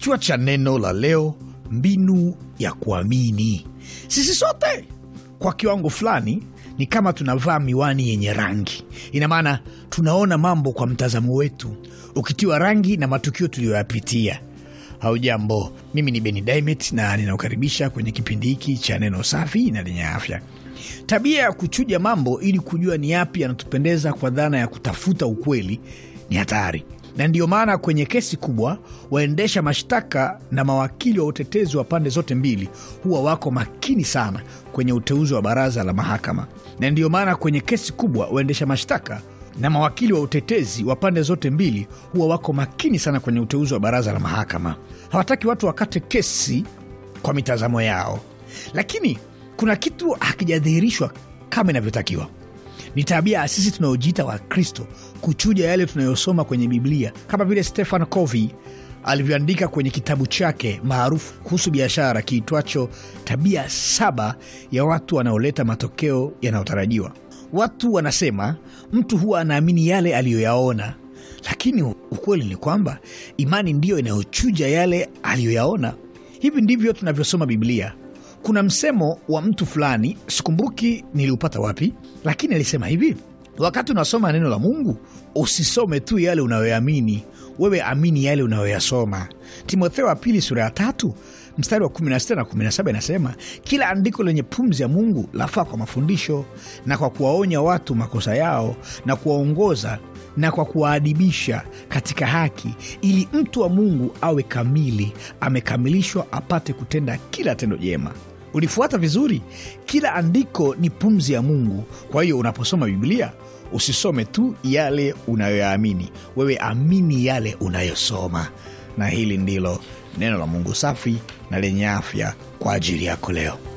Kichwa cha neno la leo: mbinu ya kuamini. Sisi sote kwa kiwango fulani ni kama tunavaa miwani yenye rangi. Ina maana tunaona mambo kwa mtazamo wetu ukitiwa rangi na matukio tuliyoyapitia. Haujambo, mimi ni Beni Dimet na ninakukaribisha kwenye kipindi hiki cha neno safi na lenye afya. Tabia ya kuchuja mambo ili kujua ni yapi yanatupendeza kwa dhana ya kutafuta ukweli ni hatari na ndiyo maana kwenye kesi kubwa waendesha mashtaka na mawakili wa utetezi wa pande zote mbili huwa wako makini sana kwenye uteuzi wa baraza la mahakama, na ndiyo maana kwenye kesi kubwa waendesha mashtaka na mawakili wa utetezi wa pande zote mbili huwa wako makini sana kwenye uteuzi wa baraza la mahakama. Hawataki watu wakate kesi kwa mitazamo yao, lakini kuna kitu hakijadhihirishwa kama inavyotakiwa. Ni tabia ya sisi tunaojiita Wakristo kuchuja yale tunayosoma kwenye Biblia, kama vile Stefan Covey alivyoandika kwenye kitabu chake maarufu kuhusu biashara kiitwacho Tabia Saba ya Watu Wanaoleta Matokeo Yanayotarajiwa. Watu wanasema mtu huwa anaamini yale aliyoyaona, lakini ukweli ni kwamba imani ndiyo inayochuja yale aliyoyaona. Hivi ndivyo tunavyosoma Biblia kuna msemo wa mtu fulani, sikumbuki niliupata wapi, lakini alisema hivi: wakati unasoma neno la Mungu usisome tu yale unayoyamini wewe, amini yale unayoyasoma. Timotheo wa pili sura ya tatu mstari wa 16 na 17 inasema, kila andiko lenye pumzi ya Mungu lafaa kwa mafundisho na kwa kuwaonya watu makosa yao na kuwaongoza na kwa kuwaadibisha katika haki, ili mtu wa Mungu awe kamili, amekamilishwa, apate kutenda kila tendo jema ulifuata vizuri. Kila andiko ni pumzi ya Mungu. Kwa hiyo unaposoma Biblia usisome tu yale unayoyaamini wewe, amini yale unayosoma. Na hili ndilo neno la Mungu safi na lenye afya kwa ajili yako leo.